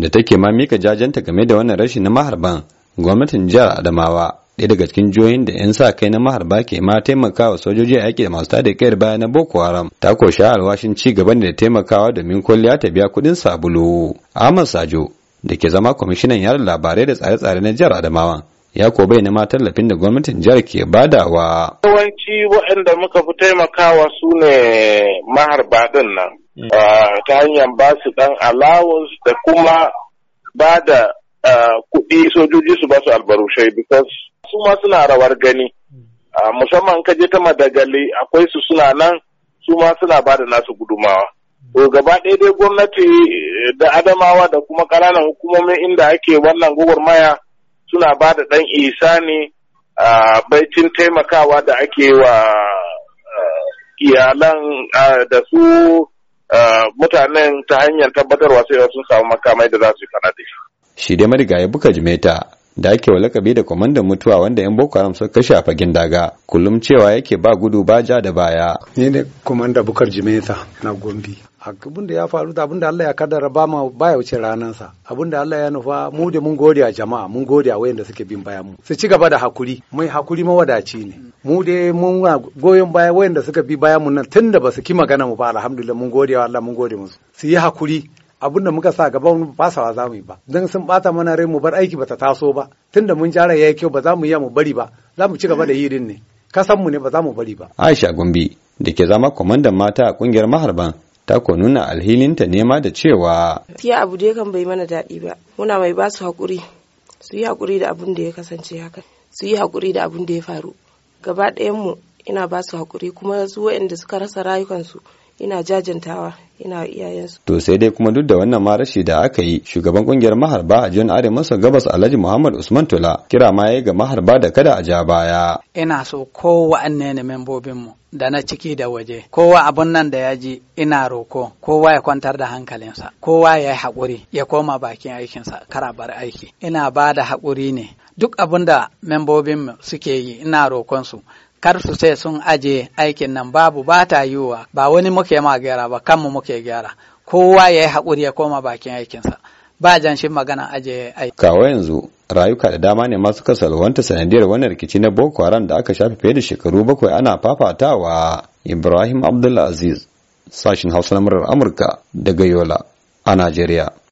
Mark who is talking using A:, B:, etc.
A: da take ma mika jajanta game da wannan rashi na maharban gwamnatin jihar adamawa ɗaya daga cikin jihohin da 'yan sa kai na maharba ke ma taimakawa sojoji a yaƙi da masu tada kayar baya na boko haram ta ko sha alwashin ci gaba da taimakawa domin kwalliya ta biya kuɗin sabulu ahmad sajo da ke zama kwamishinan yaran labarai da tsare-tsare na jihar adamawa ya ko bayyana ma tallafin da gwamnatin jihar ke badawa.
B: Yawanci waɗanda muka fi taimakawa su ne maharba ɗin nan mm. ta hanyar ba su ɗan allowance da kuma ba da kuɗi sojoji su ba su albarushai because su ma suna rawar gani. Musamman ka je ta madagali akwai su suna nan su ma suna ba da nasu gudumawa. To gaba ɗaya dai gwamnati da adamawa da kuma ƙananan hukumomin inda ake wannan maya. suna ba da ɗan isa ne a baicin taimakawa da ake wa iyalan da su mutanen ta hanyar tabbatarwa sai sun samu makamai da za su yi fana da
A: shi. dai dai ya buka jimeta da ake lakabi da kwamandan mutuwa wanda 'yan boko haram suka kashe a fagen daga kullum cewa yake ba gudu ba ja da baya ni ne kwamandan bukar jimeta na gombe
C: abin da ya faru da abin da Allah ya kaddara ba ma baya wuce ranansa abin da Allah ya nufa mu da mun gode a jama'a mun gode a wayanda suke bin bayan mu su ci gaba da hakuri mai hakuri mawadaci ne mu da mun goyon baya wayanda suka bi bayan mu nan tunda ba su ki magana mu ba alhamdulillah mun gode wa Allah mun gode musu su yi hakuri abin da muka sa gaba mu sa za mu yi ba dan sun bata mana rai mu bar aiki bata taso ba tunda mun jara yayi kyau ba za mu iya mu bari ba za mu ci gaba da yirin ne kasan mu ne ba za mu bari ba
A: Aisha Gombe da ke zama kwamandan mata a kungiyar maharban ta ko nuna alhilinta nema da cewa
D: tiya abu da kan bai mana daɗi ba muna mai ba su haƙuri su yi haƙuri da abin da ya kasance haka su yi haƙuri da abun da ya faru gaba ɗayanmu ina ba su haƙuri kuma su waɗanda suka rasa rayukansu ina jajantawa ina iyayensu.
A: To sai dai kuma duk da wannan ma rashi da aka yi shugaban kungiyar maharba a John Are masa gabas Alhaji Muhammad Usman Tula kira ma yi ga maharba da kada a ja baya.
D: Ina so kowanne ne membobin da na ciki da waje kowa abun nan da ya ji ina roko kowa ya kwantar da hankalinsa kowa ya yi haƙuri ya koma bakin aikinsa kara bar aiki ina ba da haƙuri ne duk abun da membobinmu suke yi ina su. kar su sai sun aje aikin nan babu ba ta yiwuwa ba wani muke ma gyara ba kanmu muke gyara kowa ya yi haƙuri ya koma bakin aikinsa ba jan shi magana aje aiki.
A: kawo yanzu rayuka da dama ne masu wanta sanadiyar wani rikici na boko haram da aka shafe fiye da shekaru bakwai ana fafatawa ibrahim Abdullahi aziz sashin hausa na murar amurka daga yola a najeriya